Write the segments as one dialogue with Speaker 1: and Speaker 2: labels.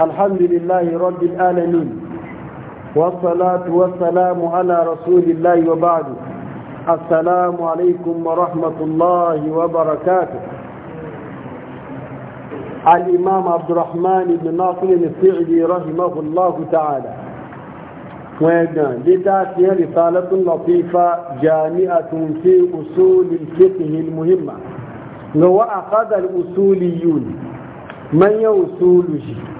Speaker 1: الحمد لله رب العالمين والصلاة والسلام على رسول الله وبعد السلام عليكم ورحمة الله وبركاته الإمام عبد الرحمن بن ناصر السعدي رحمه الله تعالى وإذن لتأتي رسالة لطيفة جامعة في أصول الفقه المهمة لو أخذ الأصوليون من يوصول شيء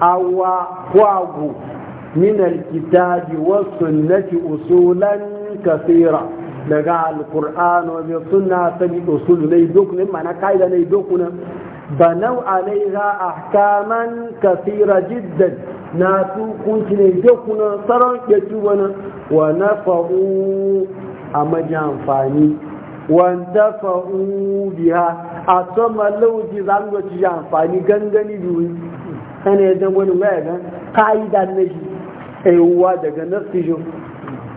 Speaker 1: awa kwagu min alkitabi wa sunnati usulan kasira daga alqur'an wa sunna bi usul lay duk ne mana kaida ne duk ne banau alaiha ahkaman kasira jiddan na su kunci ne duk ne saron ya ci wani wa nafa'u a maji amfani wanda fa'u biya a sama lauji za mu ci amfani gangani biyu kan ya dan wani mai ga kaida naji ewuwa daga nasijo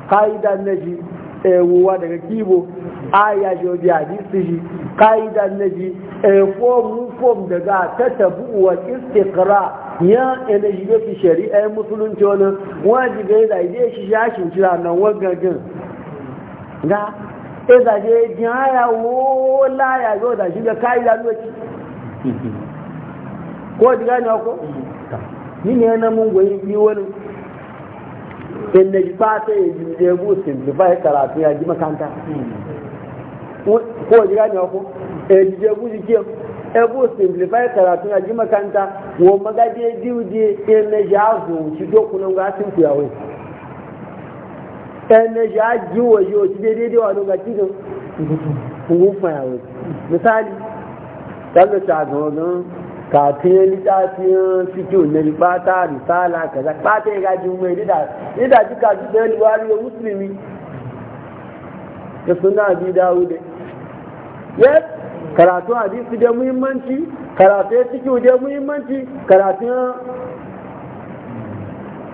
Speaker 1: kaida naji ewuwa daga kibo aya jo bi hadisi kaida naji e form form daga tatabu wa istiqra ya ene jibe fi shari'a musulunci wani wajibi da ide shi shashin shi nan wagagan ga e da je jin aya wo la ya yo da shi ga kaida naji ko diga ne ko nínú na mú wọ́n yí wọ́n ẹ̀nà yìí pàṣẹ èyí ní ẹ̀bù simplify karatu ya ji makanta ko ji gani ọkọ èyí ní ẹ̀bù yìí kí ẹ̀bù simplify karatu ya ji makanta wọ́n magadé díwdí ẹ̀nà yìí azù ti dókun náà wọ́n á ti ń kuyàwó ẹ̀nà ga kí ni ngún fún yàwó misali tábìlì ṣàgùn kafin littafin fito na ribata risala kaza bata ya e gaji mai nida nida ji kaji da liwari ya musulmi da suna bi dawo da yes karatu hadisi da muhimmanci karatu ya e ciki da muhimmanci karatu e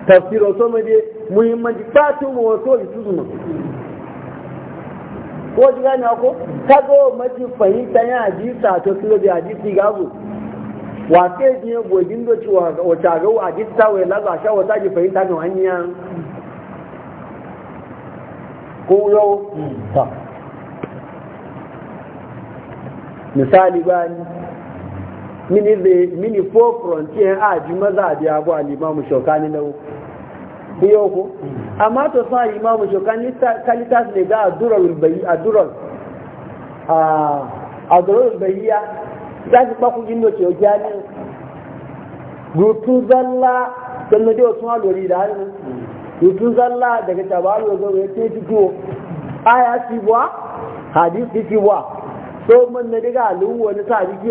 Speaker 1: tafsirin soma da muhimmanci fatu mu wato da tuzuma ko ji gane ko kago mafi fahimta ya hadisa to tuzo da hadisi gago wa sai ji gojin da ci wa tago a jitta wai laza sha wa taji fahimta ne hanya ko yau ta misali bani mini the mini four frontier a ji maza biya bu al-imamu shokani lawo biyo ko amma to sa imamu shokani kalitas ne ga adurar bayi adurar a adurar bayiya za su kpaku indo ke ojiya ne rutu zalla Sannan dai dewa sun halori da hannu rutu zalla daga tabaru ya zo ya ce fito aya ci buwa hadisi ci buwa so mun na daga alu wani sa jiki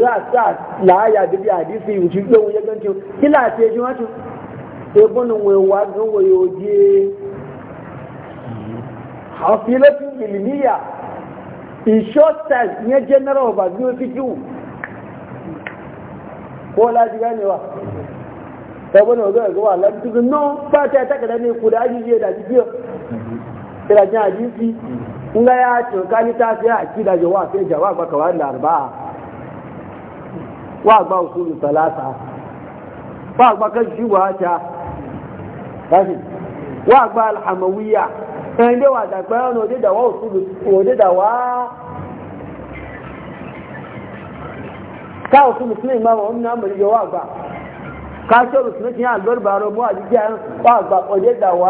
Speaker 1: za sa la ya bi hadisi wuce don ya ganci kila ce ji wato sai bunin wayewa don wayoje hasilatun ilmiya in short time ya general ba biyu fikiyu ko laji ganewa ta wani wazo ya zuwa lantukin no ba ta taka da ne kuda ajiye da jikiyo irajin ajiyarci in ga ya cinkali ta fiye a kida jawa sai jawa ba kawai da wa ba usulu talata ba ba kan shi wa ta wa ba ẹni wà dàgbẹ́ ọ̀nà òdídàwà òṣùlù òdídàwà ká òṣùlù fún ìmọ̀ àwọn ọmọ ìmọ̀ ìyọ̀ wà gbà ká ṣọ́rù fún ìyàn àgbẹ̀rùbà a mú àjíjẹ́ wà gbà òdídàwà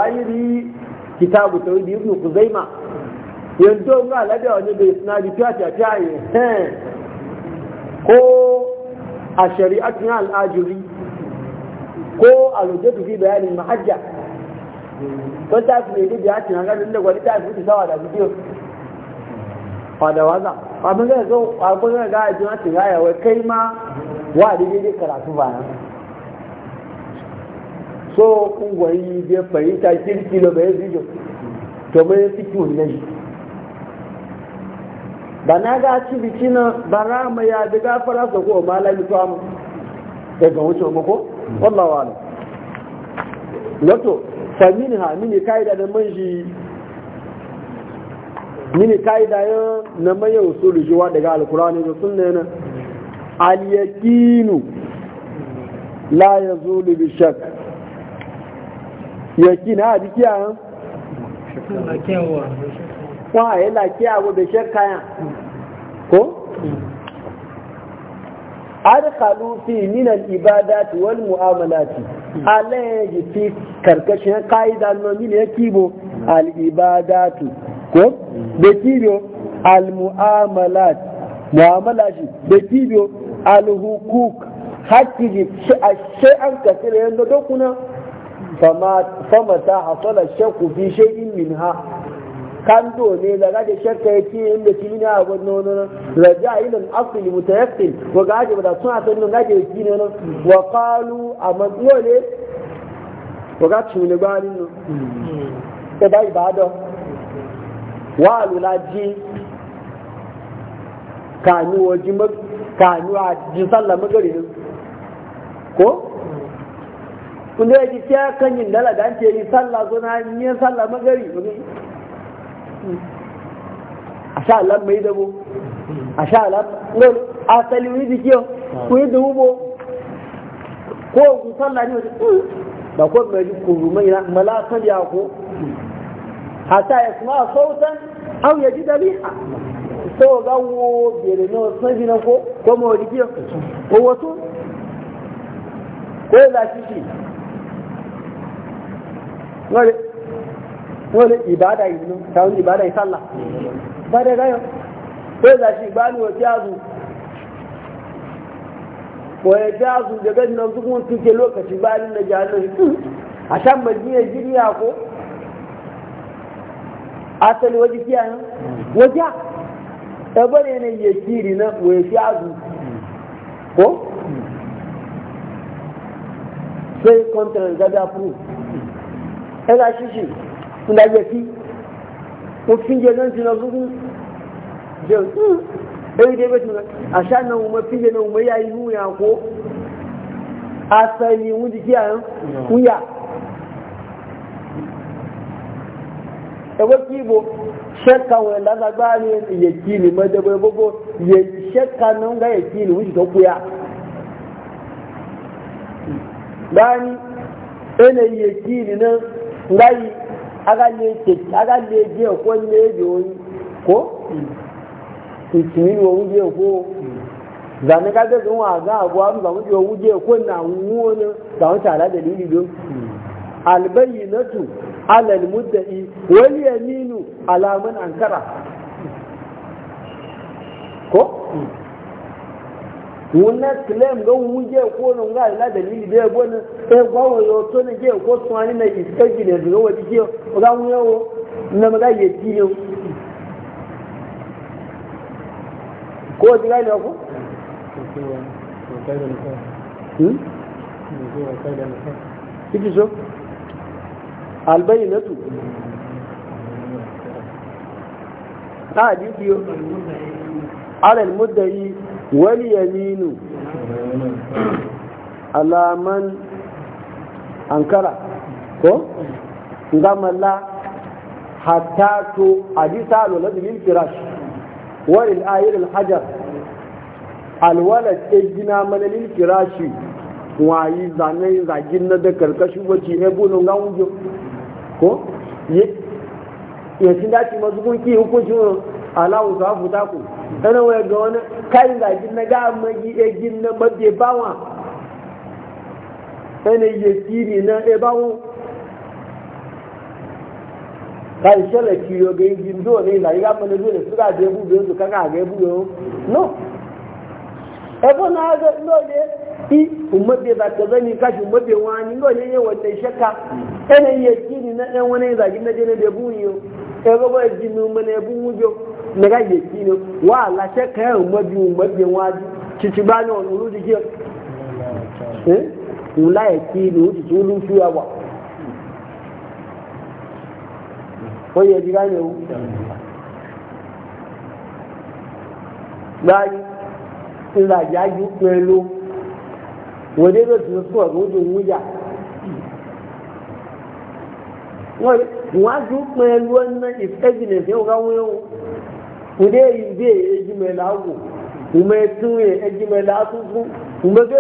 Speaker 1: tó ìdí ìbùn kù ko mahajjá tó táàfì lè débi àti ìrànlá nílẹ̀ wọlé táàfì ti sáwà dàbí díò padà wá zà abin zai zo a kusa ga ajiyar ti gaya wai kai ma wa da daidai karatu ba so kungoyi bai fahimta kirki da bai zijo to bai fi kiwon nan ba na ga ci biki na ba rama ya da gafara su ko malami to daga wuce muku, wallahi wala wato famin ha mini ka'ida da manji mini ka'ida na maye usulu jiwa daga alkurani da sunna yana al-yaqinu la yazulu bi shakk yaqin ha dikiya wa ya lakiya bi shakka ko adkhalu fi min al-ibadat wal mu'amalat alayhi fi karkashin qaida no min yakibo al-ibadat ko da kibo al-mu'amalat mu'amalati da kibo al-hukuk hakki ji shay'an kasira yanda dokuna fama fama ta hasala shakku fi shay'in ha. kando ne da gaje shakka ya ce inda shi ne a wani wani raja ilin asili mutayassil wa gaje ba da sun asali nan gaje ki ne nan wa qalu amma dole wa ga ci ne ba ni e ba ibada wa alulaji kanu waji ma kanu a ji sallah magari ko kun da yake kan yin dala da an ce yi sallah zo na yin sallah magari a sha Allah mai dabo a Allah asali wani jiki ku yi ko ku sallah ni da mm. ko mai ji ku rumai na malakar ya ko hata ya kuma sautan au ya ji dariha so ga wo bere no sanji na ko ko mo jiki ko wato ko da shi shi wani ibada yi nun ta wani ibada yi sallah ba da gayan ko za shi ba ni wasu ko ya fi yazu da gani nan su kuma suke lokaci ba ni na jihannan su a shan majiyar ya ko asali waje fiya nan waje ta bane ne ya kiri na wa ya fi yazu ko sai kontra da gaba fi ɗaya shi shi fúnlá yẹ sí òfin jẹ náà ti lọ gúgún jẹ bẹ́ẹ̀ dé bẹ́ẹ̀ tí wọ́n àṣà náà wọ́n fíjẹ náà wọ́n yá inú yà kó asẹ́yìn wọ́n ti kí àrùn wọ́n ibo ni mọ́jọ́bọ̀ gbogbo yẹ ṣẹ́ka náà ń gá yẹ kí ni wọ́n sì tó kú yà báyìí ẹnẹ aga le ke aga le je ko le je oyin ko ìtìmí ni òun jẹ òkú zane ka gbẹgbẹ wọn àgá àgọ na zàwọn jẹ òun jẹ òkú ní àwọn wọn ní zàwọn tààrà dẹlẹ ìlú albayi natu alal muddai wal yaminu alaman ankara ko wuna claim ga wuje ko no ga ila dalili be bon e gwawo yo to ne je ko so ani na iskaji ne do wadi je o ga wuna wo na ma maga ye ti yo ko ji ga ko hmm kiji so albayinatu ta ji yo ala almudda'i wal yaminu alaman ankara ko gamala hatta to hadisa lola bil firash wal ayil al hajar al walad ejina mana lil firashi wayi zanen zagin na da karkashin wace ne bunun ko ya tinda ci mazugun ki hukunci aláwùsọ àfùtàkù ẹnà wọn ẹgbẹ wọn káyìnlá jìnnà gáàmọ yìí ẹjìnnà mọdé báwọn ẹnà iye tìrì náà ẹ báwọn káyì sẹlẹ kiri ọgẹ ìjì ndó ní ìlà yìí gáàmọ lẹbi olè fúgà dé ebú bẹẹ sọkà ká àgẹ ebú yẹn o no ẹfọ náà ẹgbẹ lóde i umabe ba ta zani kashi umabe wani lóde yẹn wọn tẹ ṣẹka ẹnà iye tìrì náà ẹ wọn ẹ ìlà jìnnà jẹ ẹnà bẹẹ bú yìí o ẹgbẹ bọ ẹjì na ga yeki ne wa Allah sai ka yi mabi mabi waji cici ba ni wani rudi ke eh wula yeki ne wuce tulu fiya ba ko ya ji gane wu bayi ila jaji pelu wode do ti so rojo wuya wọ́n wájú pẹ̀lú ẹ̀nà ne tí ó ga wọ́n ude yi bi eji mela agwụ ume tunye eji mela atụtụ mgbe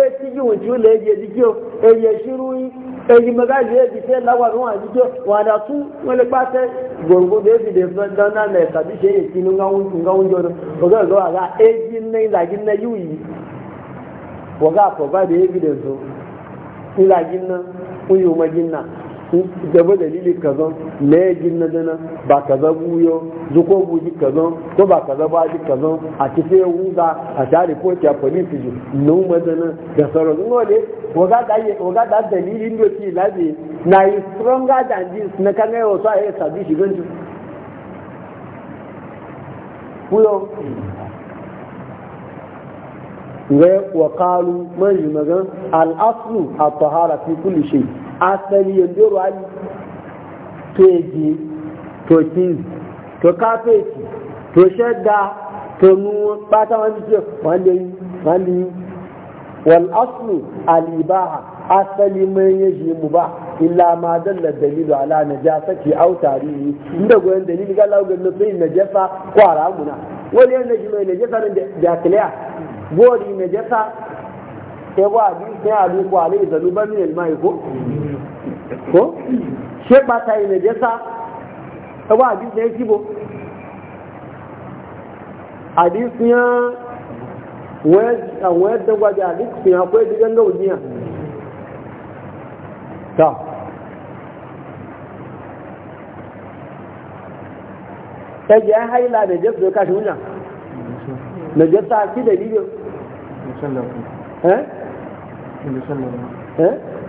Speaker 1: ụlọ eji ejike eji eshiru e yi eji mega e ji ejike lagwa nwa ejike wada tu nwere kpata gbogbo da ebi dana na etabi shi eyi tinu nganwu njoro aga eji yi waga provide evidence gaba dalili kaza ne jin na dana ba kaza buyo zuko buji kaza ko ba kaza ba ji kaza a cikin wuga a ta report ya police ji numa dana da sauran ngole waga da yi waga da dalilin da ke labe na yi stronger than this na kan yi wasu a yi sabi e shi ganju kuyo wa qalu man yumagan al aslu at tahara fi kulli shay asali yanzu ruwali toji to kin to kafeci to shadda to nu bata wani ce wanda yi wanda yi wal aslu alibaha asali mai ya ji mu ba illa ma dalla dalilu ala najasati aw tarihi inda goyen dalili ga lawo ganno sai najasa ko haramuna wani yana ji mai najasa ne da kiliya gori najasa sai ba a biyu sai a duk wale zalubar min almai ko ko ṣé pàtà ìrìnàjẹ́ sá ẹwà àdíṣẹ́ ìkíbo àdíṣíyàn àwọn ẹ̀dẹ́gbàjẹ́ àdíṣíyàn pé ìdíjẹ́ náà òdíyàn tà ẹjẹ́ haila nàìjẹ́ tó káṣí wúnyà nàìjẹ́ sí nàìjíríà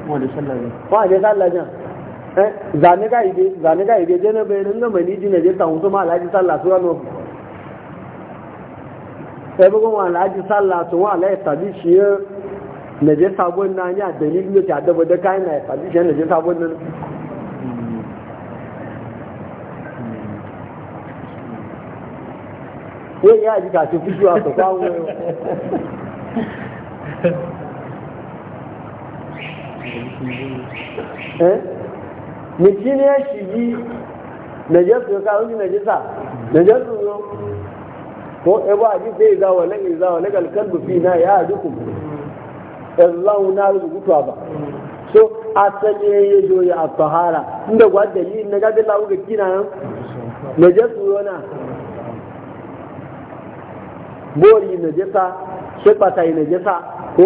Speaker 2: wọ́n lè
Speaker 1: sálà jẹ́ zaniga ibe jẹ́ náà bẹ̀rẹ̀ nínú mẹ́ni jìnà jẹ́ tàwọn tó máa láti sálà tó wọ́n ẹgbẹ́gbẹ́ wọn e ẹ̀ṣì yìí nàìjẹ́sù ká ó ya nàìjẹ́sà nàìjẹ́sù yó kó ẹbọ àdìsẹ́ ìzáwọ̀ lẹ́yìn ìzáwọ̀ lẹ́gàl kẹ́lbù fi náà yá àdìkù ẹ̀láhùn náà ló gùtù àbà so asali ẹ̀yẹ yóò yà àtọ̀hárà ndẹ̀ wà dẹ̀lí nàìjẹ́sù na kẹ́ kí náà nàìjẹ́sù yó na bóòlì nàìjẹ́sà ṣé na nàìjẹ́sà kó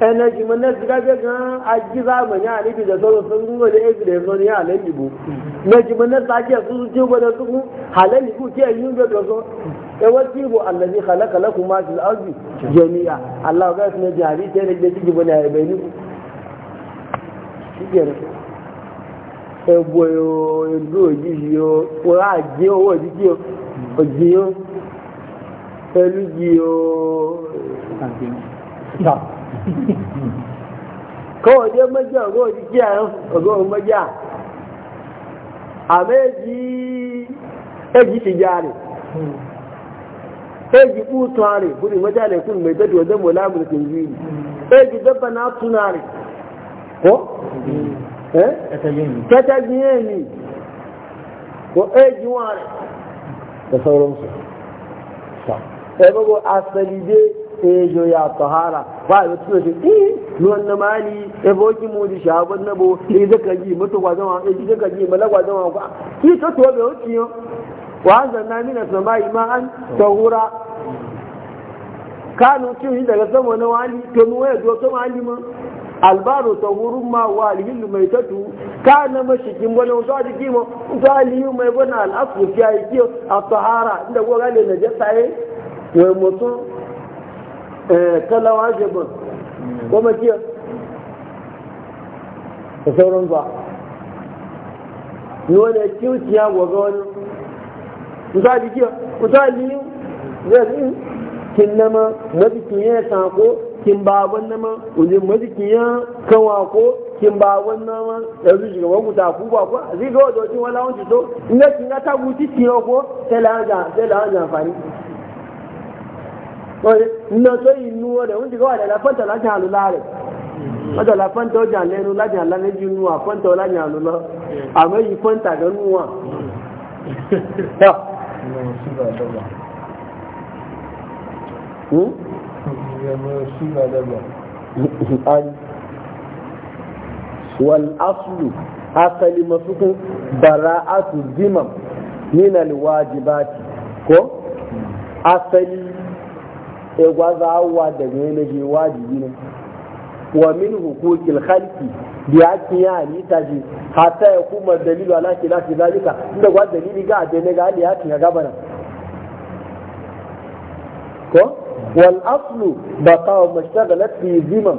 Speaker 1: energy man na kan aji zamani a nufi da sauran sun gungo da ebi da ya zoni ya halin libu na ji man na sake su su ce gwada su ke yi bai kan e wasu bu allazi ma fil ardi jami'a allah ga su bai shi ke yo yo kawai dai majiya ga wani kiyayen ogowar majiya a yi eji tijari eji kutare guri majiya ne kun mai dadu wajen mola mulkin jiri eji dabba na tunare ko? eh? katagiye ni ko eji ware ebe go asali ejo ya tahara ba ya tuno shi eh ruwan na mali e boki mu di shabon na bo e eh, zaka ji mutu gwa zama e eh, zaka ji mala gwa zama kwa ki to to be hoci yo wa zanna mina samai ma'an tahura kanu cin daga sama na wali to mu waya do to wali ma albaro ta ma wa alhillu mai tatu ka na mashikin wani wasu a jiki ma ta aliyu mai wani al'afu ya yi kiyo a tahara inda kuwa gane na jasaye eh, wai mutum Eh, kalawa jibin goma kiya da sauran ba yi wani kiwuciya gwaga wani misali kiya misali zai kin nama mazikin ya sako kin baban nama wajen mazikin ya kawa ko kin baban nama yanzu shiga wani kuta ku ba ko zai ga wadda wajen wani wanci to in ga kin ga ta guci ciyo ko sai sai la'an amfani nínú tó yi rẹ̀ ń dìgọ́ àdàlà fọ́ntọ̀ láti hàn lọ́la rẹ̀ ọ̀dọ̀là fọ́ntọ̀ ọjà lẹ́nu láti hàn lálẹ́ jù nù wà fọ́ntọ̀ láti hàn lọ́lọ́ àmọ́ èyí fọ́ntà ló wal aslu asali masukun bara'atu zimam min al ko asali sai gwaza hawa daga yanayi wajibi ne wa min hukukil khalqi bi akin ya ta ji hatta ya kuma dalilu ala khilafi zalika inda gwa dalili ga da ne ga ali hakin ya gabana ko wal aslu baqa mashtagalat fi zimam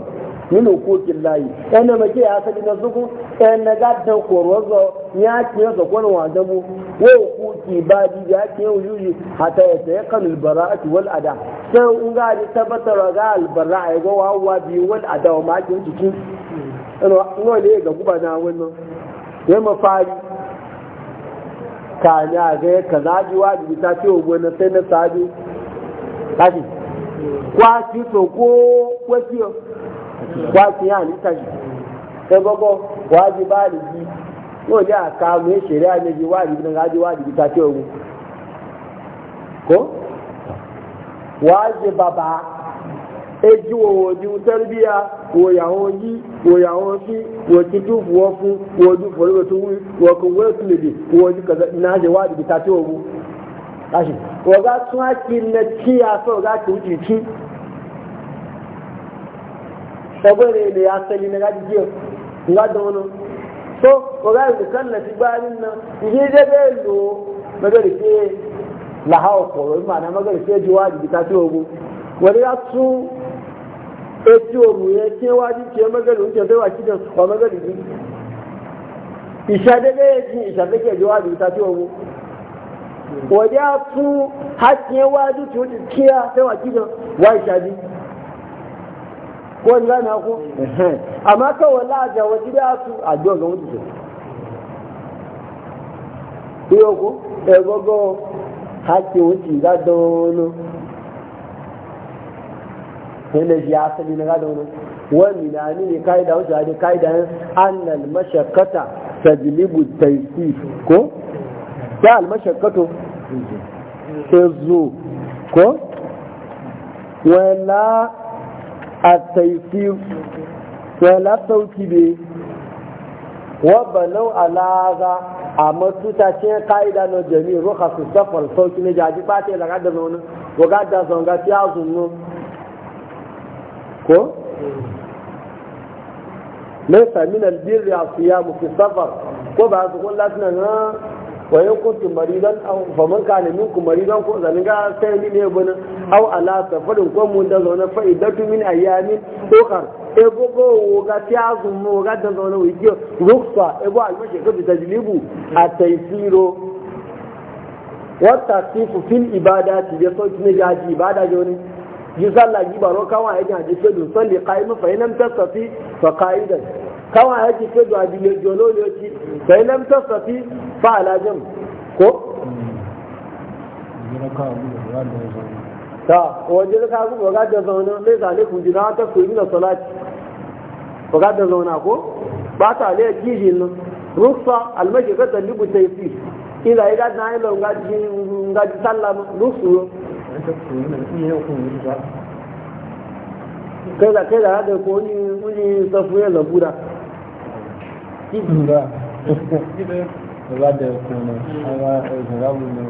Speaker 1: nínú hukukin layi ɗan mace ya sani na zuku ɗan na gadon korwazo ya ke yasa kwanan wadamu wa
Speaker 2: hukuki
Speaker 1: ba ji ya ke yau yuji hata kan sai ga ji tabbatar ga wa biyu wa ne ga guba na wannan ya mafari ka ne a ga ka zaji wajibi ta ce wa ti ya ni tashi sai gogo wa ji ba ni ji yau ya ka mu shari'a ne ji wa ji ga ji wa ji ta ce ogun ko wa ji baba eji wo oju tarbiya wo yawo yi wo yawo fi wo ti ju wo fun wo ju fori wo tun wo ko wo tun lebe wo kaza na je wa ji ta ce ogun kashi wo ga tun aki na ga ki saboda da ya sani na gaji jiya nga da wani so ko ga da kallafi bayanin nan je da ga lo magari ke la hawo ko ro ma na magari ke jiwa di ta ti ogu wani ya su e ti ogu ye ke wa di ke magari un ke sai wa kidan ko magari di isha da ga ji isha da ke jiwa di ta ti ogu wani ya su hakkin wa di ti kiya sai wa kidan wa isha di ko ni gane ku amma kawai laja waje da su a jiwa ga wuce su iyo ku egogo hakki wuce ga dono yana shi asali na ga dono wani na ni ne kai da wuce a dai kai da annal mashakkata tajlibu taysif ko ta almashakkato ezo ko wala a ولا توكيبي وبنوا على هذا amma su ta ce ka'ida na jami roka su safar sauki na jaji ba yi daga da zaune waga da zaunga ta ya ko? ne sami na biyar ya su ya safar ko ba su kun latina na wa ya kuntu maridan aw man kana minkum maridan ko zan ga sai ni ne bana aw ala safarin ko mun da zauna fa idatu min ayamin ukhar e gogo ga ti azu mu ga da zauna wi jo ruksa e go almashi ko a taisiro. wa tasifu fil ibadati so sauti ne ji ibada jo ni ji sallah ji baro wa ya e ji so dun salli qaimu fa inam tasfi fa qaidan kawa yake ji sai do adile jolo yo ci fa inam tasfi fa ala ko ta wajen ka ku ga da zauna mai zale ku jira ta ku yi na salati ku ga da ko ba ta le gijin nan rufa almashi ka talibu tayfi ila ila na ila ga ji ga ji sallama rufu kai da kai da da ko ni ni safu ya labura
Speaker 2: lábẹ́ ọkùn náà ara ẹ̀sìn láwùjọ náà.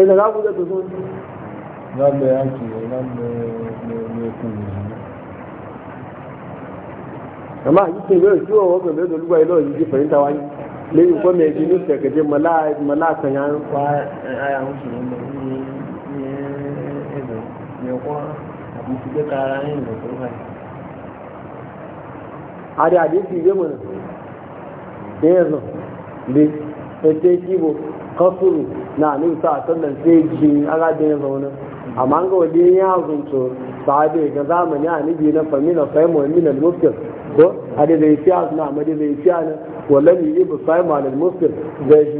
Speaker 1: ẹ̀sìn láwùjọ tó fún un.
Speaker 2: lábẹ́ àjì rẹ̀ lábẹ́ ẹ̀mí ọkùn náà.
Speaker 1: àmọ́ àyè tí ìwé òṣù ọ̀wọ́ pẹ̀lú ẹ̀dùn olúwa ilé ọ̀yìn ti fẹ̀yìntà wáyé lẹ́yìn kọ́ mi ẹ̀jẹ̀ ní ìṣẹ̀kẹ̀dẹ̀ mọ́lá àkànyà ń pa ara ń sùn ní ẹ̀dùn ìyẹ̀kọ́ àbùkù jẹ́ kára ń rìn lọ́kọ́ báyìí. àdé àdé ti ìwé mọ̀nà bẹ́ẹ̀ lọ bẹ́ẹ̀. sai kibo kasuru na nusa a sannan sai ji agadin ya zaune amma ga wajen ya zunto sahabe ga zamani a nabi na famina fahimwa min al-muftir ko hadi zai fiya na amadi zai fiya na wallan yi bu fahimwa al-muftir zai shi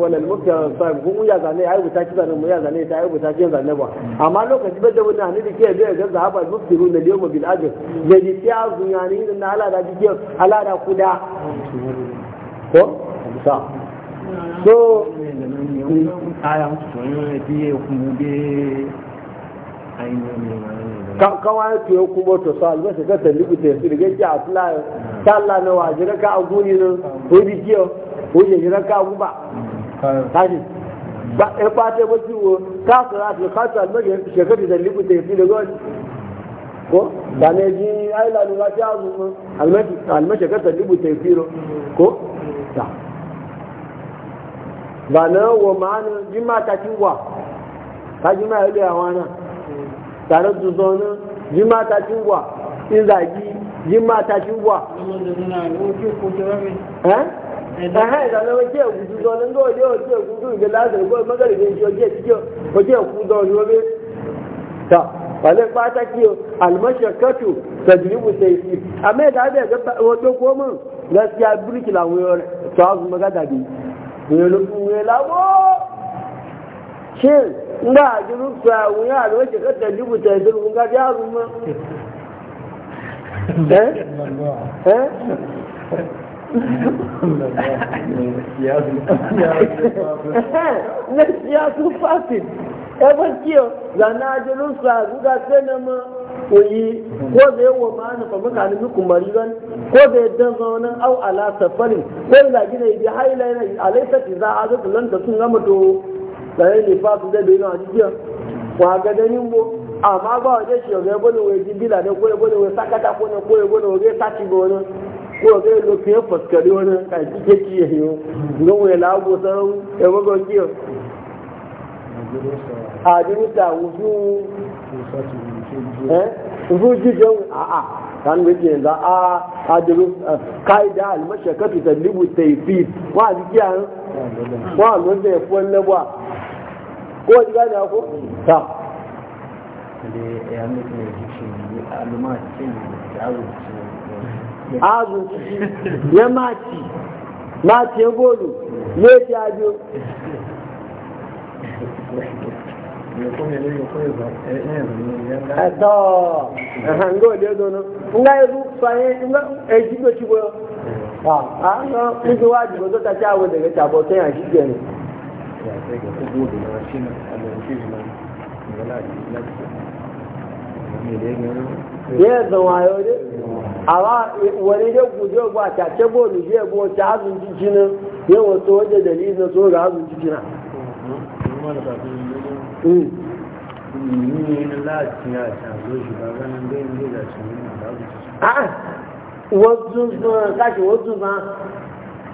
Speaker 1: wala mukta sahib kuma ya zane ai buta ki zane mu ya zane ta ai buta ki zane ba amma lokaci bada wani hani da ke da ga zahaba zuftiru na yawm bil ajr da ji tiya zuyani na ala da ke ala kuda ko sa so aya so ne bi ku bi kawai to ya kuma to sa albasa ka ta libi ta yasir gaji a filayen ta Allah na waje raka a guni nan ko bi kiyo ko ya yi ka abu ba tashi ba ya fata ba ciwo ta su rafi kasa albasa ya shekaru da libi gaji ko da ne ji aila lura ta azu almashi ta libi ta yasir ko ta ba na wa ma'ana jima ta ciwa ta jima ya liya wa nan tare da zonin jima ta cingwa in zagi jima ta cingwa ẹ̀hẹ́ ìdáná ojú ẹ̀kú tó ní ọjọ́ ilé ojú ẹ̀kú tó ìgbé láti ẹ̀kọ́ mọ́gàrìgbé ìṣe ojú ki ojú ẹ̀kú tó ní omi tà pàlẹ́ pátákì alìmọ́ṣẹ̀ kẹ́tù tẹ̀dùrìbù tẹ̀sí àmẹ́ẹ̀dá bẹ̀ẹ̀ wọ́n tó kó mọ̀ lọ́sí abúrúkì làwọn ẹ̀rọ tó shin ba a jiru ta wuya a lokacin kasar jibu ta yanzu kun yaro ma eh? Eh? Eh? na siyasu fasin ɗaban kiyo zana a jiru sa zuga sai ma koyi ko fa maka ni ko zaunan au ala safarin ko yi haila yana alaisa ti za a zata lanta sun gama to lẹ́yìn ní fáàtù dẹ́bẹ̀ náà àti díẹ̀ ọ àgẹ́dẹ́ ní mbó àmọ́ agbá ọ̀dẹ́ ṣì ọ̀gẹ́ gbónúwé di bílà ní kóyè gbónúwé sákàtà kóyè kóyè gbónúwé gé sáàtì bò wọn kó o gé lo kéé pọ̀sikẹ́lì wọn kà ké kí yẹn o lóhùn ẹ̀ láàbò kí àdínúta òfin àà a hadirin ka'ida almashakatu tallibu a jikiya wa ya na ko ji gane ko ta azu ya maci maci ya godo eh, ne ti ajo tó
Speaker 2: وعطيك قبول وعشينا على وشيجنا ولا
Speaker 1: ya zama yau ne amma wani da gujo ba ta ce bo ni je ta hazun jikina ya wato wajen dalilin so ga hazun jikina hmm. a'a wasu sun kashi wasu sun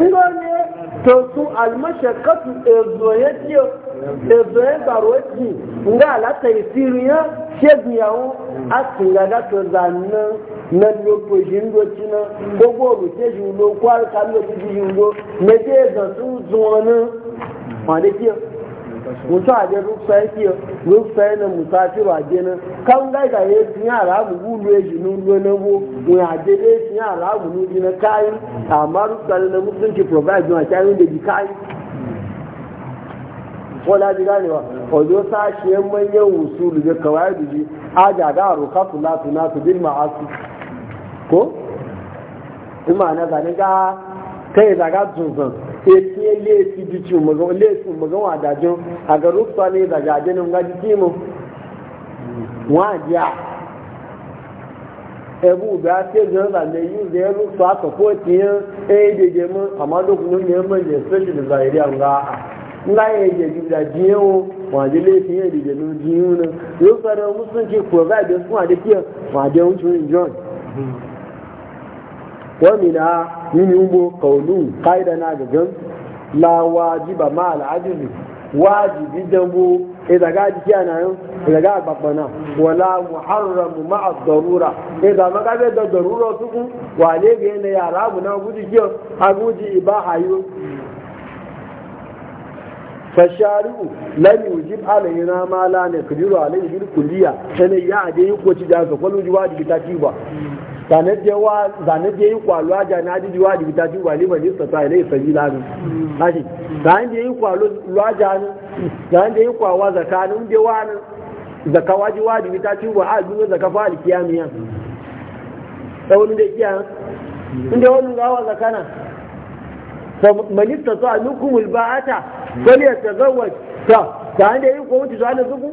Speaker 1: ngone to su almashakatu ezoye tiyo ezoye baroti nga la taisiru ya shegu yawo asinga ga to zanna na lopo jindo china gogo lu te julo kwal kamyo ti julo ne te zan su zuwana ma de tiyo mutu a je rufsa yake rufsa yana musafiru a je kan gai ga ya fi yara mu gulu ya ji nun ruwa na bo mu ya je ya fi yara mu nudi na kayi amma rufsa na mutunci provide ma kayi da ji kayi wala ji ganewa ojo yan manyan wusu da kawai da ji a aja da rukatu latu natu bil ma'asu ko ima na zane ga kai zaga tunsan sai laifi bici maga laifi maga wadajin a ga rufa ne da jajinin ga jiki mu wajiya ebu ga ce zan zane yi da ya rufa aka ko tiyan ɗaya eh, da gemu amma lokacin da ya manje special zairiya ga nga ya yi da jiyo wajen laifin yadda jaji jiyo nan yau tsarar musulunci ko za a biya suna da kiyar wajen wucin john nini umbo kaulu kaida na gan la wajiba ma al'ajibi wajibi dambo idan ga ji yana yin idan ga babbana wala muharram ma al darura idan ma ga da darura su ku wale ga yana yara mu na guji ji a guji ibaha yo fashari'u lam yujib alaina ma la nakdiru alayhi bil kulliya sai ya ade yi ko ci da ka kwalo ji wajibi ta ci ba zane ya yi kwalo aja na ajiji wa da bita jiwa liba ne sata ne sabi lanu haji zane je yi kwalo aja ne zane je yi kwawa zakanin je wa ne zaka waji wa ta bita jiwa a duniya zaka fa alkiyamiya wani da kiya inda wani gawa zakana malista sa nukumul ba'ata wani ta tazawwaj ta zane da ya yi kwa wuce zuwa na zuku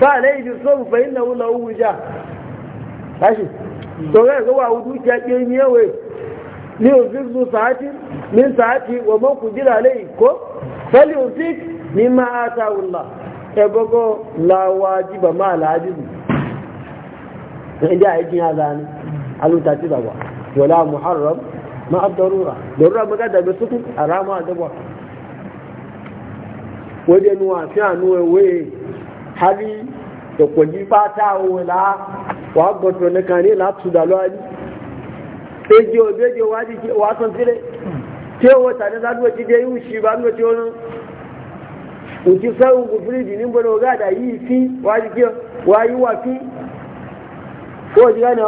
Speaker 1: fa alaihi bisu fa innahu lahu wujah haji to ya ga wawu ya ke ni yawe ni yuzizu sa'ati min sa'ati wa man qudira alayhi ko fali ni mimma ataahu Allah e bogo la wajiba ma la ajibu inda e aikin e azani aluta ci gaba wala muharram ma ad-darura darura maga da bisuku arama da ba wajenuwa wa fi anuwe we hali da kwaji fata wala Wa gbọ́tọ̀ nìkan ní látúdà lọ́wọ́dí èjì òbí èjì wájú wàá sílẹ̀ tí owó tàbí sádúgbò ti dé ìwú sí tí ó rán òtí sẹ́wọ̀n kò fíríjì níbo ni yìí fi wájú kí wàá wà fi kó ti ká ní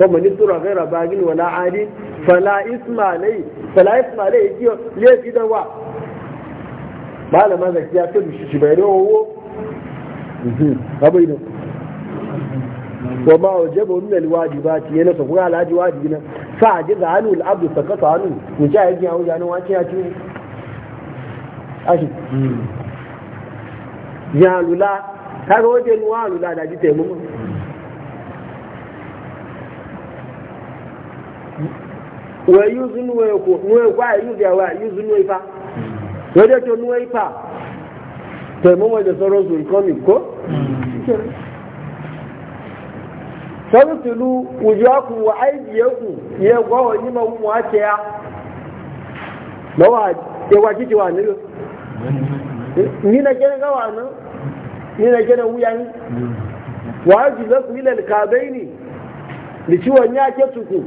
Speaker 1: wọ́n ni tó rà fẹ́ rà bá gíní wọ́lá ádì fala ismalai fala ismalai yake laifi da wa malaman zakiya ta bishi shi bai rawo mhm, abai ne wa ma wajaba min alwajibati yana sa kuma alhaji wajibi na fa ajiza anu alabdu sakata anu mujahid ya wuya nan ya ci ashi mm. ya lula kaga wajen wa lula da ji wa yuzu nuwe ko nuwe ko a yuzu wa yuzu nuwe fa wadda to nuwe fa taimawa da sauran su ikomi ko sarfilu wujaku wa aidiyaku ya gwawa ni ma mu ake ya lawa ya wa kike wa ne ni na kene ga wa nan ni na kene wuya ni wa ajilaku ila alkabaini li ciwon ya ke tuku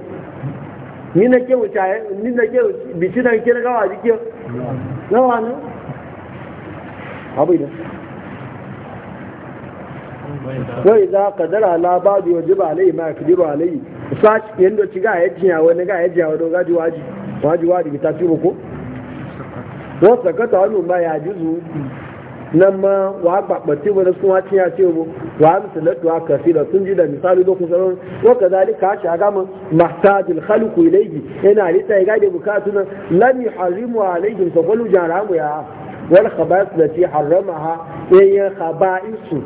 Speaker 1: ni na ke wuce ni na ke bici nan ke gawa jike gawa ne abu idan yau za ka dara labari wa jiba alayi ma ka jiba alayi sa yadda ci ga ya jiya wani ga ya jiya wani gaji waji waji waji ta fi ko wasu ka ta wani ma ya ji nan ma wa babbace wani sun wacin ya ce mu wa misalatu wa kafira sun ji da misali da kun sanar wa kazalika shi aga mu mahtajil khalqu ilayhi yana lita ga da bukatuna lam yuharrimu alaihim fa qulu jaramu ya wal khaba'is lati haramaha ayya khaba'isu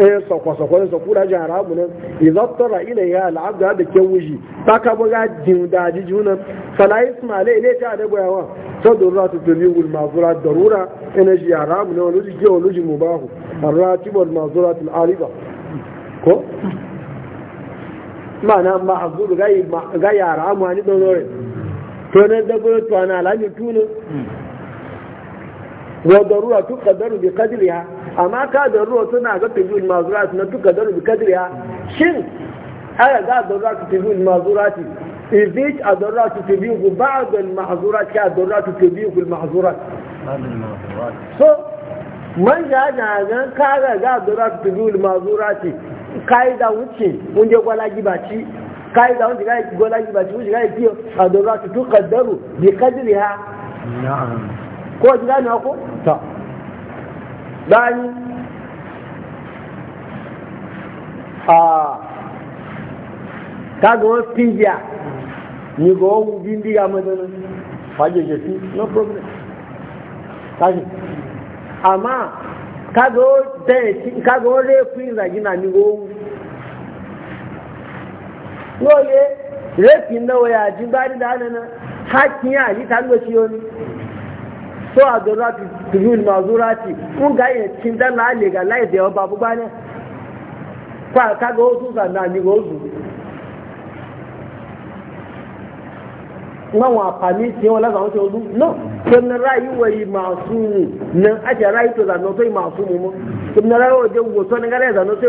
Speaker 1: eh sakwa-sakwa da sakura haramu nan izattara ila ya al'abda da ke wuji ta ka buga daji junan fala ismailai ne ta da bayawa ta durra ta tabi wul mazura darura ina ji haramu nan wani jike wani ji mubahu arratibar mazura tun aliba ko ma ma'azuru ga yara amu hani don zore to ne dabbar tuwa na alamin tunan wa darura tuqdaru bi qadriha amma ka darura suna ga tajul mazurat na tuqdaru bi qadriha shin aya ga darura bi tajul mazurat إذيك أدرات تبيه بعض المحظورات كأدرات تبيه المحظورات so man ja na nan kaga ga darura to bi mazura ce kai da wuce mun je gwala gibaci kai da wuce kai gwala gibaci wuce kai biyo a dora to bi qadriha na'am ko ji gane ko ta bani a kaga wani fijiya ni ga wani bindiga madana faje je fi no problem kaji amma kaga wani kaga wani refin zagina ni ga wani lóye refin náà wọ́n yà jí bá dídá nana hakin yà ní tàbí òṣìyọ́ ni so a zo rati tuzul ga iya cin dan na ga lai kwa ka ga wasu zanna ni ga wasu nan wa fami ti wala zan wuce wasu no sun na rayuwa yi masu to zanna masu mu na so ne ga zanna sai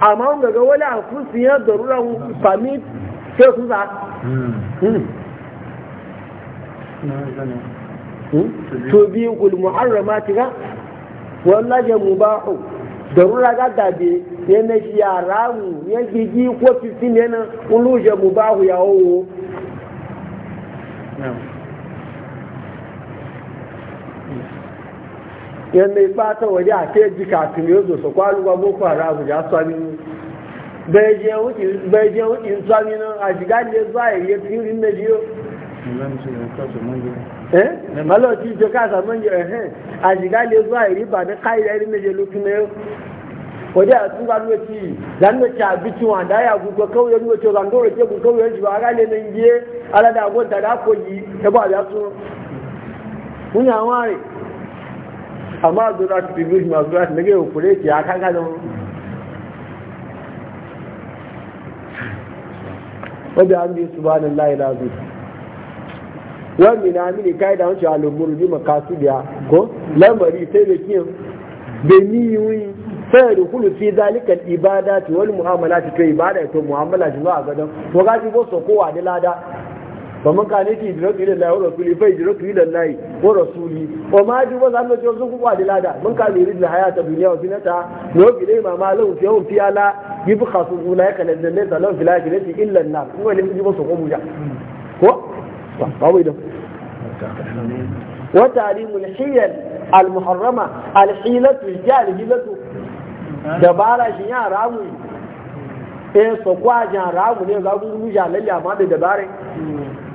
Speaker 1: amma wanda ga wani afusin ya darura sami sai su za to biyu kul muharrama ti ga wallaje mubahu darura ga dabe ne na shi yara mu ya gigi ko fitin ne na uluje mubahu ya owo yan mai fata waje a ce ji ka yau zo sokwa kwalu ba boko haramu ya sami bai je wukin sami a shiga ne za a yi firin na jiyo eh malauci ce ka samu jiyo eh, eh a shiga ne za a yi na kai da irin na je na yau waje a da ta bici wanda ya gugu kauyen lokaci zan dole ba ga ne nan giye ala da yi ya so mun amma zo za ta bibiyu shi masu rashi na gaya kure ki ya kan wani wadda an biyu su banin layi lazu wani na mini kai da wancan alumuru bi makasu biya ko lamari sai da kiyan bai ni yi sai da kulu fi zalikan ibada ta wani mu'amala ta kai ibada ta mu'amala ta zuwa gadon ko gaji ko sokowa da lada ومن قال يتي يدرك إلى الله ورسوله فيدرك إلى الله ورسوله وما أجب وزن الله جوزه قواد الأداء من قال يريد الحياة الدنيا وزينتها نوب إليه ما لهم في يوم فيها لا يبخص أولئك الذين ليس لهم في الآخرة إلا النار هو اللي يجب صحوه جاء هو طويل إيه وتعليم الحيل المحرمة الحيلة الجال حيلة دبارة شيئا رامي إيه سقوا جان رامي ليه زابون مجال للي أمام دبارة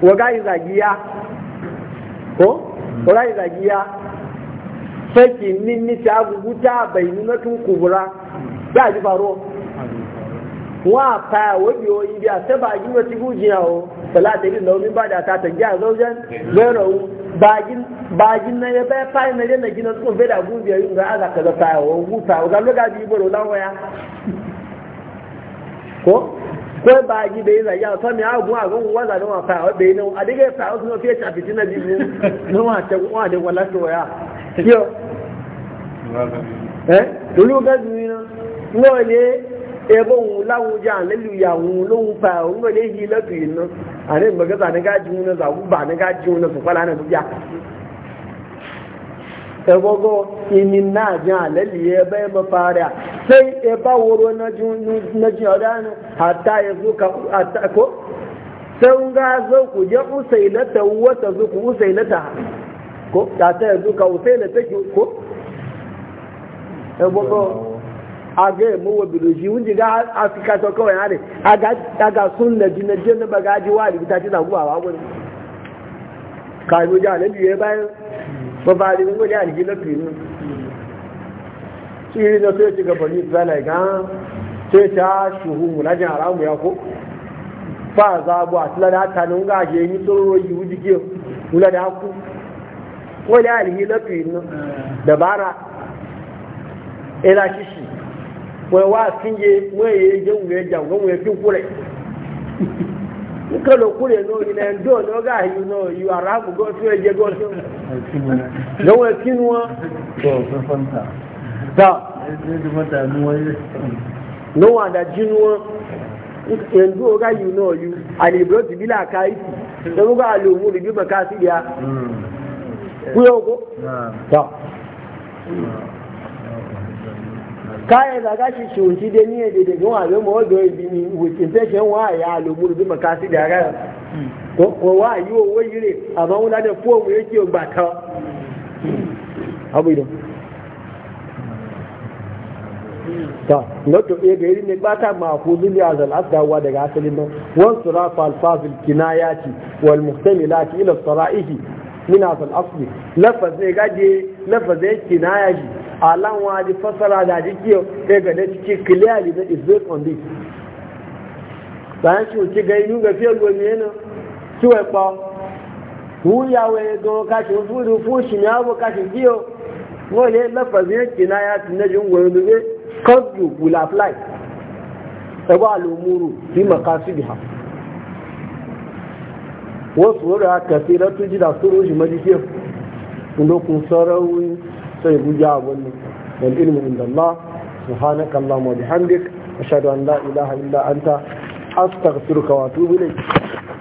Speaker 1: wagayi zagiya ko wagayi yi zagiya saki nini ta guguta bai nuna tun kubura ya ji faro wa fa wabi o biya a ba gi wa ti gujiya o salata irin da ba da ta tangiya zaujen zero Ba bagin na ya bai fa na na gina tsun bai da gujiya yin ga aza da ta wa guta ga lokaci boro na waya? ko ko ba ji bai za ya fa mi agun agun wa za no fa o be no adige fa o no fiye ta fitina bi mu no wa ta wa de wala to ya
Speaker 2: yo eh dulu
Speaker 1: ga ni no no ne e bo un la un ja le lu ya un lo fa un le hi la tu no za ne ga ji un za ku ba ne ga ji kwala na ya ebogo imin na jin halali ya bai mafara sai ya ba wuro na jin adanu hatta ya zuka ko sai ga zo ku je usailata wata zuku usailata ko ta ta yanzu ka usailata ki ko ebogo aga mu wa biroji wunji ga afirka to aga sun na jinajen na bagaji wa ribita tana gubawa bàbá rẹ̀ wọ́n lé àdìgí lọ́pìn inú tí ìrìn náà tó ti gàbọ̀ ní ìsirálà gan tó ti á ṣòwò mùlájà aráàmù ya kó fáàzà àbọ̀ àti ládà àtàní ń gàjẹ́ ẹni tó rọ yìí wú dìgé wúládà á kú wọ́n lé àdìgí lọ́pìn inú dàbára ẹ̀rà ṣíṣì wọ́n wá síye wọ́n èyí jẹ́ òun ẹ̀jà òun ẹ̀fín kúrẹ̀ kalo kure no ina ndo no ga you know you are have go to eje go to no we kinwa
Speaker 2: to fanta da
Speaker 1: no wa da jinwa ndo ga you know you ani bro ti bila kai da ga lo mu bi makasi ya
Speaker 2: hmm. kuyo ko hmm. ta hmm.
Speaker 1: kayan zaga shi shunci da niyyar da daga wajen mawazo ya bi ni wucin tashin wa ya lomuru zuma kasi da yara ko wa yi wa wani ne amma wula da mu yake ba ta abu idan ta noto ɗaya ga irin ne ɓata makuzu ne azal zal'adawa daga asalin nan wasu rafa alfazil kinayati wal muhtamilati ila sara'ihi min asal asli lafaz ne gaje lafaz ne kinaya Alan ji fasara da jiki ya ga da ciki clearly that is based on this bayan shi ci ga yi ga fiye gomi yana ci wai pa hu ya gano kashin furu fushi ne abu kashin kiyo wale lafazin yanki e na ya tuna jin ne dube kazu gula fly bi al'umuru fi makasu biha wasu wuri a kasiratu ji da suru shi ndo kun sarrauni طيب وجاب العلم عند الله سبحانك اللهم وبحمدك أشهد أن لا إله إلا أنت أستغفرك وأتوب إليك